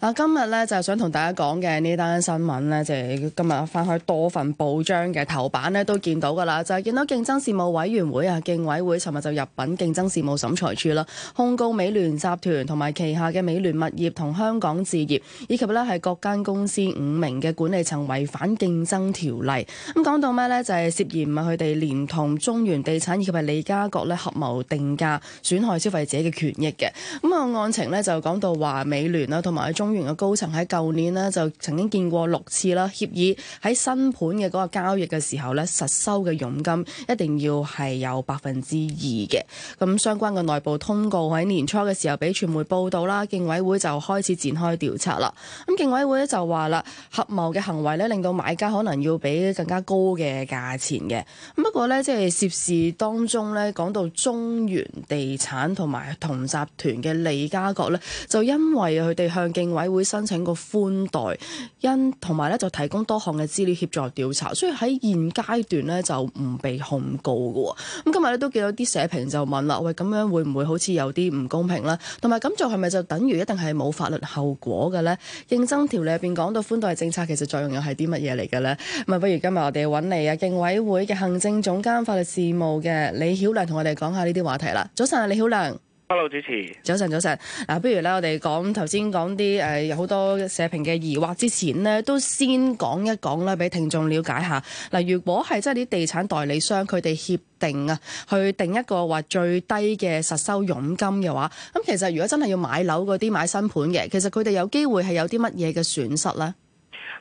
嗱，今日咧就係想同大家講嘅呢單新聞呢，就係今日翻開多份報章嘅頭版呢都見到噶啦，就係見到競爭事務委員會啊，競委會尋日就入禀競爭事務審裁處啦，控告美聯集團同埋旗下嘅美聯物業同香港置業，以及呢係各間公司五名嘅管理層違反競爭條例。咁講到咩呢？就係涉嫌啊，佢哋連同中原地產以及係李家國呢合謀定價，損害消費者嘅權益嘅。咁啊，案情呢，就講到話美聯啦，同埋中中原嘅高層喺舊年咧就曾經見過六次啦，協議喺新盤嘅嗰個交易嘅時候咧，實收嘅佣金一定要係有百分之二嘅。咁相關嘅內部通告喺年初嘅時候俾傳媒報道啦，競委會就開始展開調查啦。咁競委會咧就話啦，合謀嘅行為咧令到買家可能要俾更加高嘅價錢嘅。咁不過咧，即係涉事當中咧講到中原地產同埋同集團嘅利嘉閣咧，就因為佢哋向競委會申請個寬待，因同埋咧就提供多項嘅資料協助調查，所以喺現階段咧就唔被控告嘅。咁今日咧都見到啲社評就問啦，喂，咁樣會唔會好似有啲唔公平咧？同埋咁做係咪就等於一定係冇法律後果嘅咧？《競爭條例》入邊講到寬待政策，其實作用又係啲乜嘢嚟嘅咧？咁啊，不如今日我哋揾嚟啊，競委會嘅行政總監法律事務嘅李曉亮同我哋講下呢啲話題啦。早晨啊，李曉亮。hello，主持，早晨，早晨。嗱、啊，不如咧，我哋講頭先講啲誒，有、呃、好多社評嘅疑惑之前呢，都先講一講啦，俾聽眾了解下。嗱、啊，如果係即係啲地產代理商，佢哋協定啊，去定一個話最低嘅實收佣金嘅話，咁、啊、其實如果真係要買樓嗰啲買新盤嘅，其實佢哋有機會係有啲乜嘢嘅損失咧？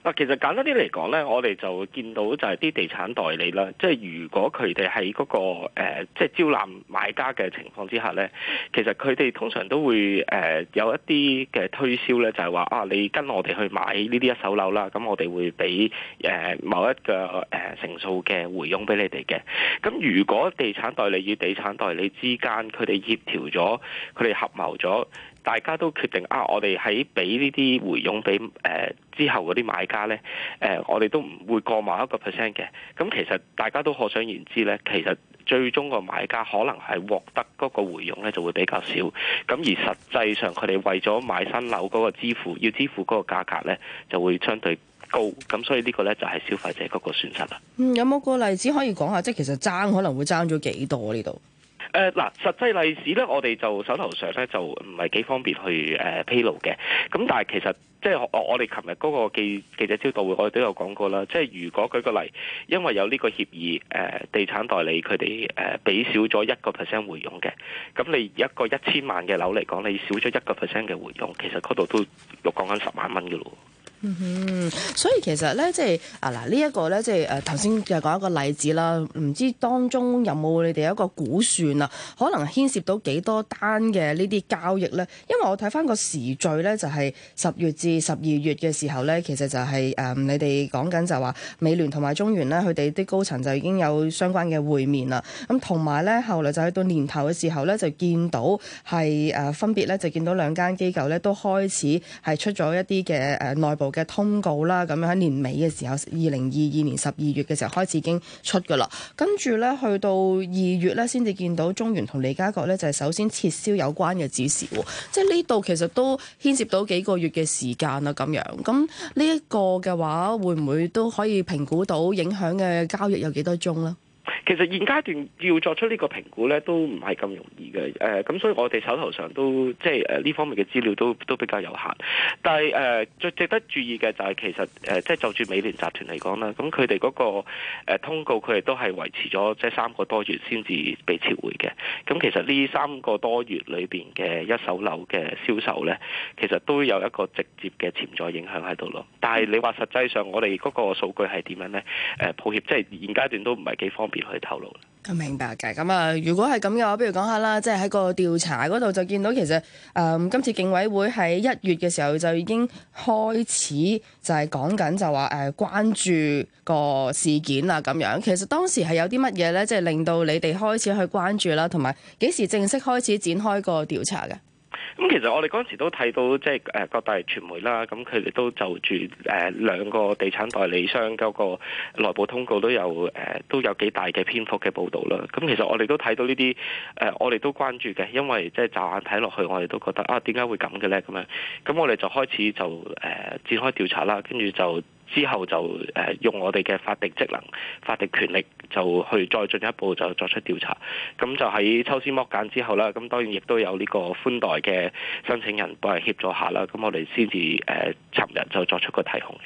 嗱，其實簡單啲嚟講呢，我哋就見到就係啲地產代理啦，即係如果佢哋喺嗰個、呃、即係招攬買家嘅情況之下呢，其實佢哋通常都會誒、呃、有一啲嘅推銷呢就係、是、話啊，你跟我哋去買呢啲一手樓啦，咁我哋會俾誒、呃、某一個誒、呃、成數嘅回佣俾你哋嘅。咁如果地產代理與地產代理之間佢哋協調咗，佢哋合謀咗。大家都決定啊！我哋喺俾呢啲回傭俾誒之後嗰啲買家呢，誒、呃、我哋都唔會過萬一個 percent 嘅。咁其實大家都可想而知呢，其實最終個買家可能係獲得嗰個回傭呢就會比較少。咁而實際上佢哋為咗買新樓嗰個支付要支付嗰個價格呢就會相對高。咁所以呢個呢，就係、是、消費者嗰個損失啦。嗯、有冇個例子可以講下？即係其實爭可能會爭咗幾多呢度？誒嗱，uh，實際例子咧，我哋就手頭上咧就唔係幾方便去誒披露嘅。咁但係其實即係我我哋琴日嗰個記，記者招待會我哋都有講過啦。即係如果舉個例，因為有呢個協議，誒、呃、地產代理佢哋誒俾少咗一個 percent 回佣嘅。咁你一個一千萬嘅樓嚟講，你少咗一個 percent 嘅回佣，其實嗰度都講緊十萬蚊嘅咯。嗯，所以其實咧，即係啊嗱，呢一個咧，即係誒頭先就講一個例子啦。唔知當中有冇你哋一個估算啊？可能牽涉到幾多單嘅呢啲交易咧？因為我睇翻個時序咧，就係十月至十二月嘅時候咧，其實就係誒你哋講緊就話美聯同埋中原咧，佢哋啲高層就已經有相關嘅會面啦。咁同埋咧，後來就去到年頭嘅時候咧，就見到係誒分別咧，就見到兩間機構咧都開始係出咗一啲嘅誒內部。嘅通告啦，咁樣喺年尾嘅時候，二零二二年十二月嘅時候開始已經出噶啦，跟住咧去到二月咧，先至見到中原同利嘉閣咧，就係、是、首先撤銷有關嘅指示，即係呢度其實都牽涉到幾個月嘅時間啦，咁樣，咁呢一個嘅話，會唔會都可以評估到影響嘅交易有幾多宗咧？其實現階段要作出呢個評估咧，都唔係咁容易嘅。誒、呃，咁所以我哋手頭上都即係誒呢方面嘅資料都都比較有限。但係誒、呃、最值得注意嘅就係其實誒、呃、即係就住美聯集團嚟講啦，咁佢哋嗰個誒、呃、通告佢哋都係維持咗即係三個多月先至被撤回嘅。咁其實呢三個多月裏邊嘅一手樓嘅銷售咧，其實都有一個直接嘅潛在影響喺度咯。但係你話實際上我哋嗰個數據係點樣咧？誒、呃，抱歉，即係現階段都唔係幾方便去。透露，明白嘅。咁啊，如果係咁嘅話，不如講下啦，即係喺個調查嗰度就見到，其實誒、呃、今次競委會喺一月嘅時候就已經開始就係講緊就話誒關注個事件啦。咁樣其實當時係有啲乜嘢咧，即係令到你哋開始去關注啦，同埋幾時正式開始展開個調查嘅？咁其實我哋嗰陣時都睇到，即係誒各大傳媒啦，咁佢哋都就住誒兩個地產代理商嗰、嗰個內部通告都有誒都有幾大嘅篇幅嘅報導啦。咁其實我哋都睇到呢啲誒，我哋都關注嘅，因為即係驟眼睇落去，我哋都覺得啊，點解會咁嘅咧？咁樣，咁我哋就開始就誒、呃、展開調查啦，跟住就。之後就誒用我哋嘅法定職能、法定權力，就去再進一步就作出調查。咁就喺抽絲剝繭之後啦，咁當然亦都有呢個寬待嘅申請人幫人協助下啦。咁我哋先至誒尋日就作出個提控嘅。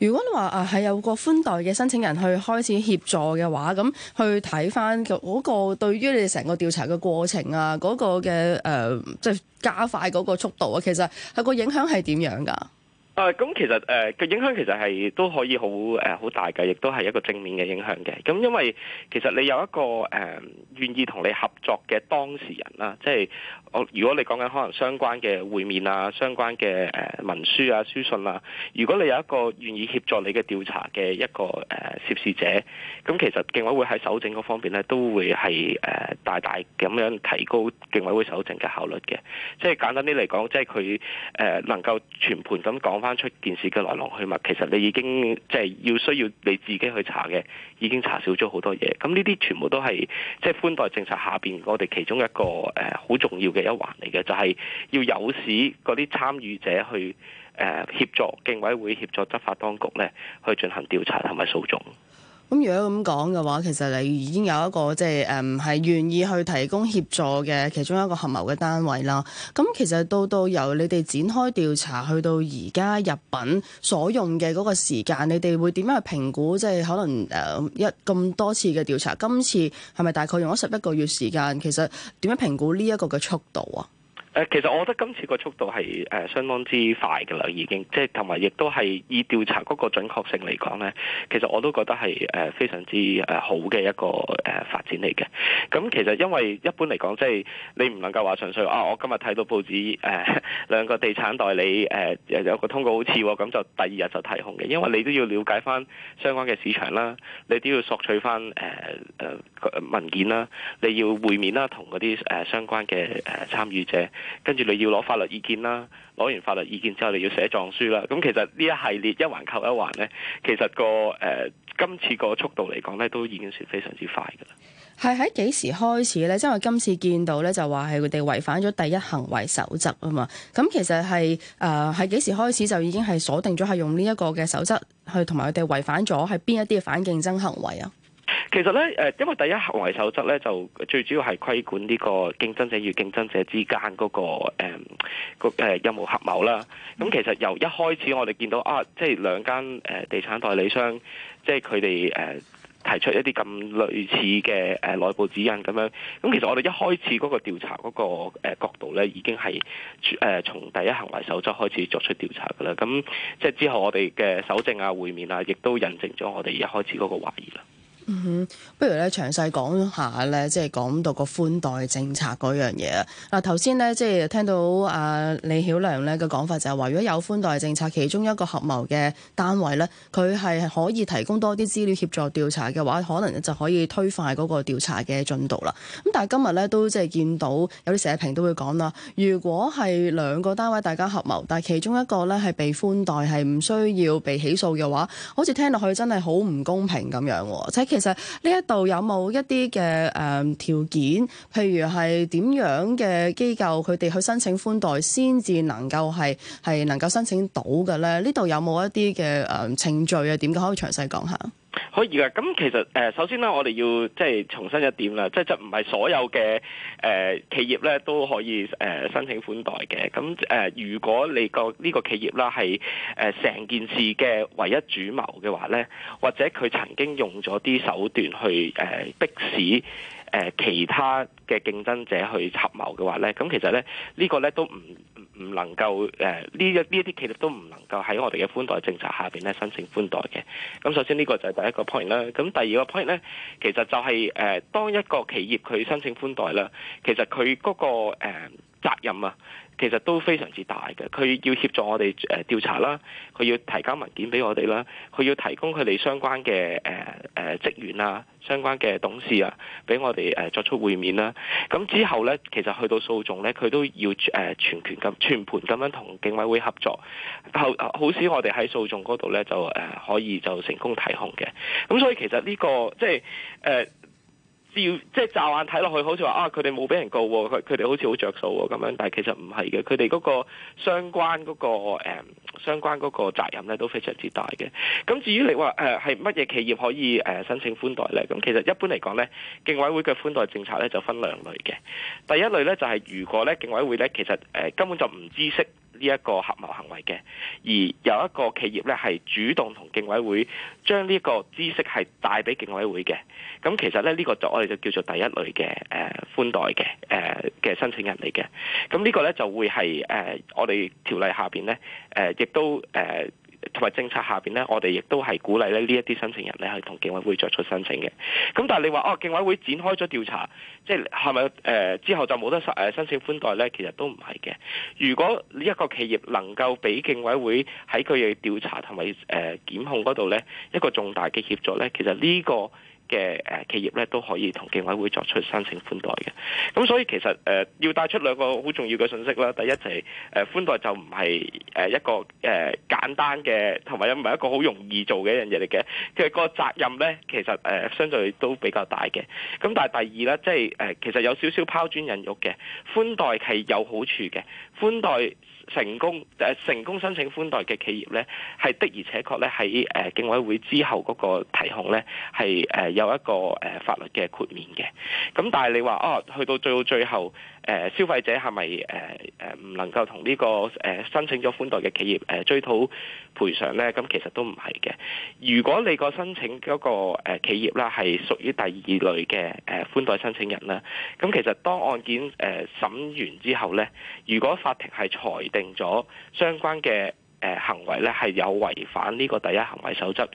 如果你話啊係有個寬待嘅申請人去開始協助嘅話，咁去睇翻嗰個對於你哋成個調查嘅過程啊，嗰、嗰個嘅誒即係加快嗰個速度啊，其實係個影響係點樣㗎？啊，咁、嗯、其實誒嘅、呃、影響其實係都可以好誒好大嘅，亦都係一個正面嘅影響嘅。咁、嗯、因為其實你有一個誒願、呃、意同你合作嘅當事人啦、啊，即係我如果你講緊可能相關嘅會面啊、相關嘅誒、呃、文書啊、書信啊，如果你有一個願意協助你嘅調查嘅一個誒、呃、涉事者，咁、嗯、其實競委會喺蒐證嗰方面咧，都會係誒、呃、大大咁樣提高競委會蒐證嘅效率嘅。即係簡單啲嚟講，即係佢誒能夠全盤咁講，翻出件事嘅來龍去脈，其實你已經即係、就是、要需要你自己去查嘅，已經查少咗好多嘢。咁呢啲全部都係即係寬待政策下邊，我哋其中一個誒好、呃、重要嘅一環嚟嘅，就係、是、要有市嗰啲參與者去誒、呃、協助競委會協助執法當局咧，去進行調查同埋訴訟。咁如果咁講嘅話，其實你已經有一個即係誒唔係願意去提供協助嘅其中一個合謀嘅單位啦。咁、嗯、其實都都由你哋展開調查，去到而家入稟所用嘅嗰個時間，你哋會點樣去評估？即、就、係、是、可能誒一咁多次嘅調查，今次係咪大概用咗十一個月時間，其實點樣評估呢一個嘅速度啊？誒，其實我覺得今次個速度係誒相當之快嘅啦，已經、就是，即係同埋亦都係以調查嗰個準確性嚟講咧，其實我都覺得係誒非常之誒好嘅一個誒發展嚟嘅。咁其實因為一般嚟講，即、就、係、是、你唔能夠話純粹啊，我今日睇到報紙誒兩個地產代理誒、啊、有個通告好似咁、啊、就第二日就提控嘅，因為你都要了解翻相關嘅市場啦，你都要索取翻誒誒文件啦，你要會面啦，同嗰啲誒相關嘅誒參與者。跟住你要攞法律意見啦，攞完法律意見之後，你要寫狀書啦。咁其實呢一系列一環扣一環咧，其實個誒、呃、今次個速度嚟講咧，都已經算非常之快噶啦。係喺幾時開始咧？即係我今次見到咧，就話係佢哋違反咗第一行為守則啊嘛。咁其實係誒係幾時開始就已經係鎖定咗係用呢一個嘅守則去同埋佢哋違反咗係邊一啲嘅反競爭行為啊？其實咧，誒，因為第一行為守則咧，就最主要係規管呢個競爭者與競爭者之間嗰、那個誒、嗯那個誒、嗯嗯那個、合謀啦。咁、那個、其實由一開始我哋見到啊，即、就、係、是、兩間誒、呃、地產代理商，即係佢哋誒提出一啲咁類似嘅誒內部指引咁樣。咁、那個、其實我哋一開始嗰個調查嗰個角度咧，已經係誒、呃、從第一行為守則開始作出調查㗎喇。咁即係之後我哋嘅蒐證啊、會面啊，亦都印證咗我哋一開始嗰個懷疑啦。嗯、不如咧詳細講下咧，即係講到個寬待政策嗰樣嘢嗱，頭先呢，即係聽到阿李曉亮呢嘅講法就係話，如果有寬待政策，其中一個合謀嘅單位呢，佢係可以提供多啲資料協助調查嘅話，可能就可以推快嗰個調查嘅進度啦。咁但係今日呢，都即係見到有啲社評都會講啦，如果係兩個單位大家合謀，但係其中一個呢係被寬待係唔需要被起訴嘅話，好似聽落去真係好唔公平咁樣喎！即係其實其實呢一度有冇一啲嘅誒條件，譬如係點樣嘅機構佢哋去申請寬待先至能夠係係能夠申請到嘅咧？呢度有冇一啲嘅誒程序啊？點解可以詳細講下？可以噶，咁、嗯、其實誒、呃，首先咧，我哋要即係重申一點啦，即係就唔係所有嘅誒、呃、企業咧都可以誒、呃、申請寬待嘅。咁、嗯、誒、呃，如果你個呢個企業啦係誒成件事嘅唯一主謀嘅話咧，或者佢曾經用咗啲手段去誒、呃、迫使誒、呃、其他嘅競爭者去合謀嘅話咧，咁、嗯、其實咧呢、呢個咧都唔。唔能夠誒呢一呢一啲企業都唔能夠喺我哋嘅寬待政策下邊咧申請寬待嘅。咁首先呢、這個就係第一個 point 啦。咁第二個 point 咧，其實就係、是、誒、呃、當一個企業佢申請寬待啦，其實佢嗰、那個誒、呃、責任啊。其實都非常之大嘅，佢要協助我哋誒調查啦，佢要提交文件俾我哋啦，佢要提供佢哋相關嘅誒誒職員啊、相關嘅董事啊，俾我哋誒、呃、作出會面啦。咁之後咧，其實去到訴訟咧，佢都要誒、呃、全權咁全盤咁樣同競委會合作。後好少我哋喺訴訟嗰度咧，就誒、呃、可以就成功提控嘅。咁所以其實呢、呢個即係誒。呃即係乍眼睇落去，好似話啊，佢哋冇俾人告，佢佢哋好似好着數咁樣，但係其實唔係嘅，佢哋嗰個相關嗰、那個誒、嗯，相關個責任咧都非常之大嘅。咁至於你話誒係乜嘢企業可以誒、呃、申請寬待咧？咁其實一般嚟講咧，競委會嘅寬待政策咧就分兩類嘅。第一類咧就係、是、如果咧競委會咧其實誒、呃、根本就唔知悉。呢一個合謀行為嘅，而有一個企業咧係主動同競委會將呢個知識係帶俾競委會嘅，咁其實咧呢、這個就我哋就叫做第一類嘅誒、呃、寬待嘅誒嘅申請人嚟嘅，咁呢個咧就會係誒、呃、我哋條例下邊咧誒亦都誒。呃同埋政策下邊咧，我哋亦都係鼓勵咧呢一啲申請人咧去同競委會作出申請嘅。咁但係你話哦，競委會展開咗調查，即係係咪誒之後就冇得申申請寬待咧？其實都唔係嘅。如果呢一個企業能夠俾競委會喺佢嘅調查同埋誒檢控嗰度咧一個重大嘅協助咧，其實呢、呢個。嘅誒企業咧都可以同競委會作出申請寬待嘅，咁所以其實誒、呃、要帶出兩個好重要嘅信息啦。第一就係、是、誒、呃、寬待就唔係誒一個誒、呃、簡單嘅，同埋又唔係一個好容易做嘅一樣嘢嚟嘅。其實個責任咧，其實誒、呃、相對都比較大嘅。咁但係第二咧，即係誒其實有少少拋磚引玉嘅，寬待係有好處嘅，寬待。成功誒、呃、成功申請寬帶嘅企業咧，係的而且確咧喺誒競委會之後嗰個提控咧，係誒、呃、有一個誒、呃、法律嘅豁免嘅。咁但係你話哦、啊，去到最最後誒、呃、消費者係咪誒誒唔能夠同呢、這個誒、呃、申請咗寬帶嘅企業誒追討賠償咧？咁、呃、其實都唔係嘅。如果你個申請嗰個企業啦，係屬於第二類嘅誒、呃、寬帶申請人啦，咁其實當案件誒審完之後咧，如果法庭係裁定咗相關嘅誒、呃、行為咧，係有違反呢個第一行為守則。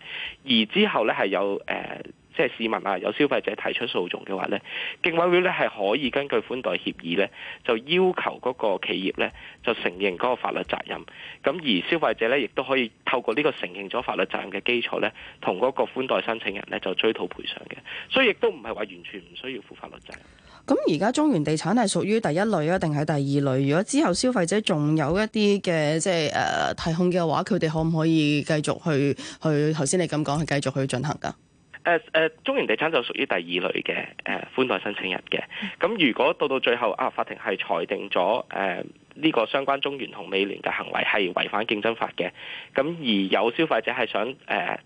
而之後咧，係有誒、呃，即係市民啊，有消費者提出訴訟嘅話咧，競委會咧係可以根據寬待協議咧，就要求嗰個企業咧就承認嗰個法律責任。咁而消費者咧，亦都可以透過呢個承認咗法律責任嘅基礎咧，同嗰個寬待申請人咧就追討賠償嘅。所以亦都唔係話完全唔需要負法律責任。咁而家中原地產係屬於第一類啊，定係第二類，如果之後消費者仲有一啲嘅即係誒、呃、提控嘅話，佢哋可唔可以繼續去去頭先你咁講去繼續去進行噶？誒誒、呃呃、中原地產就屬於第二類嘅誒寬待申請人嘅。咁、嗯、如果到到最後啊，法庭係裁定咗誒呢個相關中原同美聯嘅行為係違反競爭法嘅。咁、呃、而有消費者係想誒直、呃、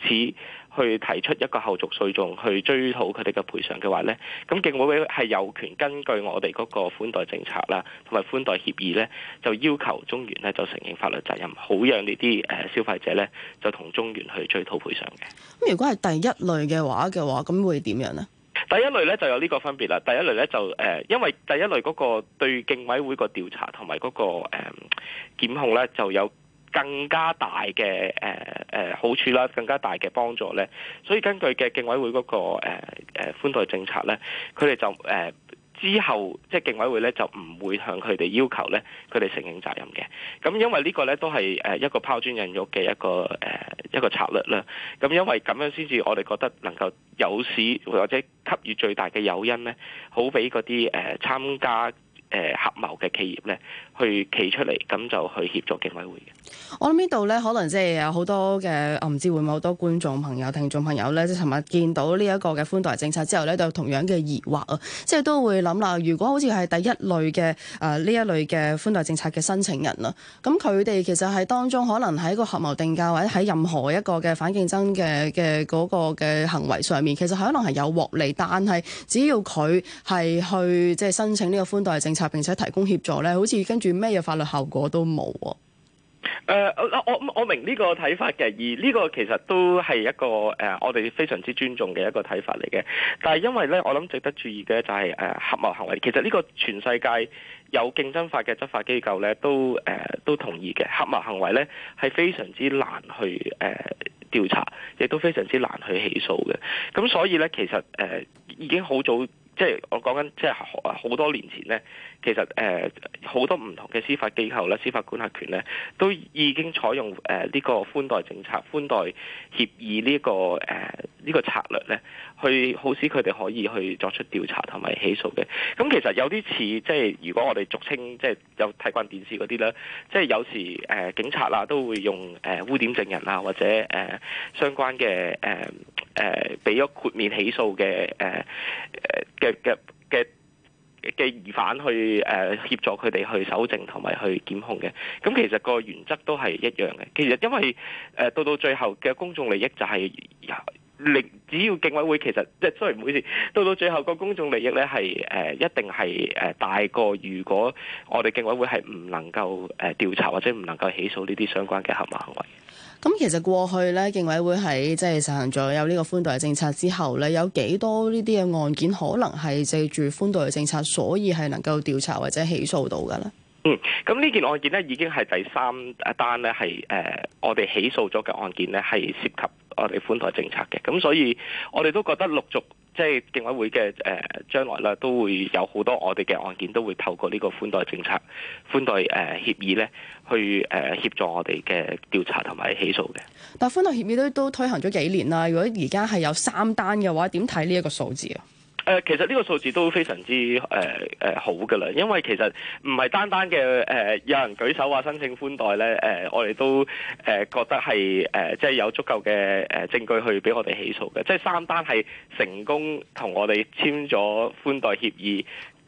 此。去提出一個後續訴訟去追討佢哋嘅賠償嘅話咧，咁競委會係有權根據我哋嗰個寬待政策啦，同埋寬待協議咧，就要求中原咧就承認法律責任，好讓呢啲誒消費者咧就同中原去追討賠償嘅。咁如果係第一類嘅話嘅話，咁會點樣咧？第一類咧就有呢個分別啦。第一類咧就誒因為第一類嗰個對競委會個調查同埋嗰個誒檢控咧就有更加大嘅誒誒好處啦，更加大嘅幫助咧。所以根據嘅競委會嗰、那個誒誒、呃、寬待政策咧，佢哋就誒、呃、之後即係競委會咧就唔會向佢哋要求咧，佢哋承認責任嘅。咁因為個呢個咧都係誒一個拋磚引玉嘅一個誒、呃、一個策略啦。咁因為咁樣先至我哋覺得能夠有市或者給予最大嘅誘因咧，好俾嗰啲誒參加。誒合謀嘅企業咧，去企出嚟咁就去協助競委會嘅。我諗呢度咧，可能即係有好多嘅，我唔知會唔會好多觀眾朋友、聽眾朋友咧，即係尋日見到呢一個嘅寬待政策之後咧，就同樣嘅疑惑啊，即係都會諗啦。如果好似係第一類嘅誒呢一類嘅寬待政策嘅申請人啦，咁佢哋其實係當中可能喺個合謀定價或者喺任何一個嘅反競爭嘅嘅嗰個嘅行為上面，其實可能係有獲利，但係只要佢係去即係申請呢個寬待政策。並且提供協助咧，好似跟住咩嘢法律效果都冇。誒、呃，我我明呢個睇法嘅，而呢個其實都係一個誒、呃，我哋非常之尊重嘅一個睇法嚟嘅。但係因為咧，我諗值得注意嘅就係、是、誒，合、呃、謀行為。其實呢個全世界有競爭法嘅執法機構咧，都誒、呃、都同意嘅。合謀行為咧係非常之難去誒調、呃、查，亦都非常之難去起訴嘅。咁所以咧，其實誒、呃、已經好早。即係我講緊，即係好多年前呢，其實誒好、呃、多唔同嘅司法機構咧、司法管轄權咧，都已經採用誒呢個寬待政策、寬待協議呢、呢個誒呢、呃呢個策略咧。佢好使佢哋可以去作出調查同埋起訴嘅，咁其實有啲似即係如果我哋俗稱即係有睇慣電視嗰啲咧，即係有時誒、呃、警察啊都會用誒、呃、污點證人啊或者誒、呃、相關嘅誒誒俾咗豁免起訴嘅誒誒嘅嘅嘅嘅疑犯去誒、呃、協助佢哋去搜證同埋去檢控嘅，咁其實個原則都係一樣嘅。其實因為誒、呃、到到最後嘅公眾利益就係、是。只要競委會其實即係雖然唔好意思到到最後個公眾利益咧係誒一定係誒、呃、大過，如果我哋競委會係唔能夠誒調查或者唔能夠起訴呢啲相關嘅合謀行為。咁其實過去咧，競委會喺即係實行咗有呢個寬待政策之後咧，有幾多呢啲嘅案件可能係借住寬待嘅政策，所以係能夠調查或者起訴到噶咧？嗯，咁呢件案件呢已經係第三單咧係誒我哋起訴咗嘅案件呢係涉及。我哋寬待政策嘅，咁所以我哋都覺得陸續即係競委會嘅誒、呃，將來咧都會有好多我哋嘅案件都會透過呢個寬待政策、寬待誒、呃、協議咧，去誒、呃、協助我哋嘅調查同埋起訴嘅。但係寬待協議都都推行咗幾年啦，如果而家係有三單嘅話，點睇呢一個數字啊？誒、呃，其實呢個數字都非常之誒誒好噶啦，因為其實唔係單單嘅誒、呃、有人舉手話申請寬待咧，誒、呃、我哋都誒、呃、覺得係誒、呃、即係有足夠嘅誒證據去俾我哋起訴嘅，即係三單係成功同我哋簽咗寬待協議，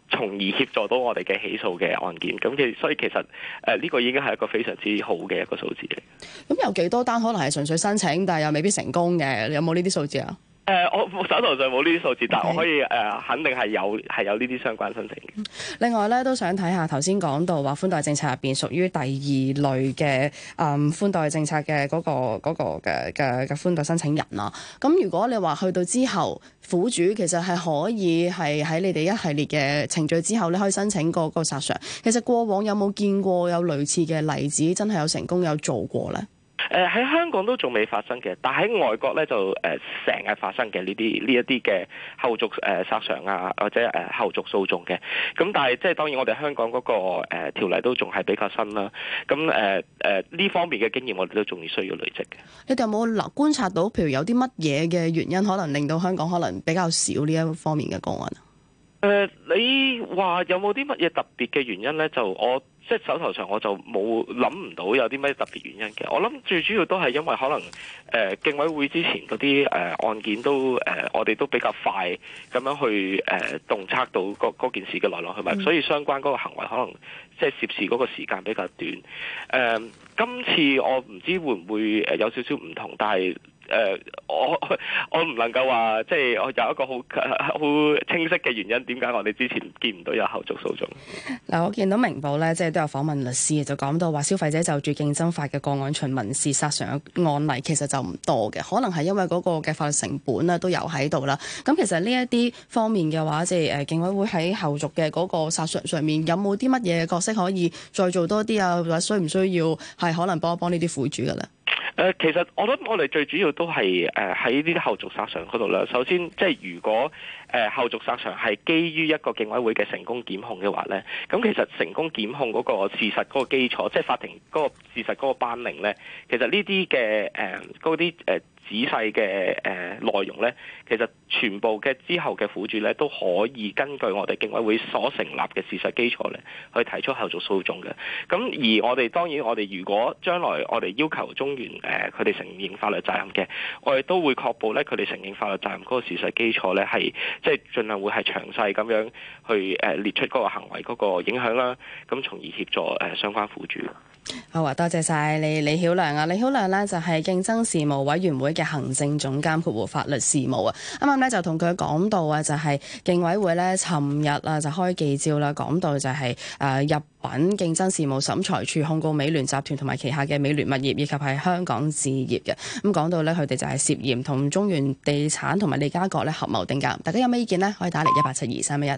從而協助到我哋嘅起訴嘅案件。咁、呃、其所以其實誒呢、呃這個已經係一個非常之好嘅一個數字。嚟、嗯。咁有幾多單可能係純粹申請但係又未必成功嘅？有冇呢啲數字啊？誒、呃，我手頭上冇呢啲數字，但係我可以誒、呃，肯定係有係有呢啲相關申請嘅。另外咧，都想睇下頭先講到話寬待政策入邊屬於第二類嘅誒、嗯、寬待政策嘅嗰、那個嘅嘅嘅寬待申請人啦、啊。咁如果你話去到之後，苦主其實係可以係喺你哋一系列嘅程序之後咧，可以申請個、那個殺償。其實過往有冇見過有類似嘅例子，真係有成功有做過咧？誒，喺、呃、香港都仲未發生嘅，但喺外國咧就誒成日發生嘅呢啲呢一啲嘅後續誒、呃、索償啊，或者誒、呃、後續訴訟嘅。咁、嗯、但係即係當然，我哋香港嗰、那個誒、呃、條例都仲係比較新啦。咁誒誒呢方面嘅經驗，我哋都仲要需要累積嘅。你哋有冇嗱觀察到，譬如有啲乜嘢嘅原因，可能令到香港可能比較少呢一方面嘅個案？誒、呃，你話有冇啲乜嘢特別嘅原因咧？就我。即係手頭上我就冇諗唔到有啲咩特別原因嘅，我諗最主要都係因為可能誒，競、呃、委會之前嗰啲誒案件都誒、呃，我哋都比較快咁樣去誒，洞、呃、察到嗰件事嘅來來去去，嗯、所以相關嗰個行為可能即係涉事嗰個時間比較短。誒、呃，今次我唔知會唔會誒有少少唔同，但係。誒、呃，我我唔能夠話，即係我有一個好好、呃、清晰嘅原因，點解我哋之前見唔到有後續訴訟？嗱、呃，我見到明報咧，即係都有訪問律師，就講到話消費者就住競爭法嘅個案，循民事索償嘅案例其實就唔多嘅，可能係因為嗰個嘅法律成本啦都有喺度啦。咁其實呢一啲方面嘅話，即係誒，競、呃、委會喺後續嘅嗰個索償上面，有冇啲乜嘢角色可以再做多啲啊？或者需唔需要係可能幫一幫呢啲苦主嘅咧？誒，其實我諗我哋最主要都係誒喺呢啲後續索償嗰度啦。首先，即係如果誒後續索償係基於一個競委會嘅成功檢控嘅話咧，咁其實成功檢控嗰個事實嗰個基礎，即係法庭嗰個事實嗰個頒令咧，其實呢啲嘅誒嗰啲誒，仔細嘅誒內容呢，其實全部嘅之後嘅苦主呢，都可以根據我哋競委會所成立嘅事實基礎呢，去提出後續訴訟嘅。咁、嗯、而我哋當然，我哋如果將來我哋要求中原誒佢哋承認法律責任嘅，我哋都會確保咧佢哋承認法律責任嗰個事實基礎呢，係即係盡量會係詳細咁樣去誒、呃、列出嗰個行為嗰個影響啦。咁、嗯、從而協助誒、呃、相關苦主。好啊、哦，多謝晒你李曉亮啊，李曉亮呢就係競爭事務委員會。.嘅行政總監，包括法律事務剛剛、就是就是、啊，啱啱咧就同佢講到啊，就係競委會咧，尋日啊就開記招啦，講到就係誒入稟競爭事務審裁處控告美聯集團同埋旗下嘅美聯物業以及係香港置業嘅，咁、嗯、講到咧佢哋就係涉嫌同中原地產同埋利嘉閣咧合謀定價，大家有咩意見呢？可以打嚟一八七二三一一。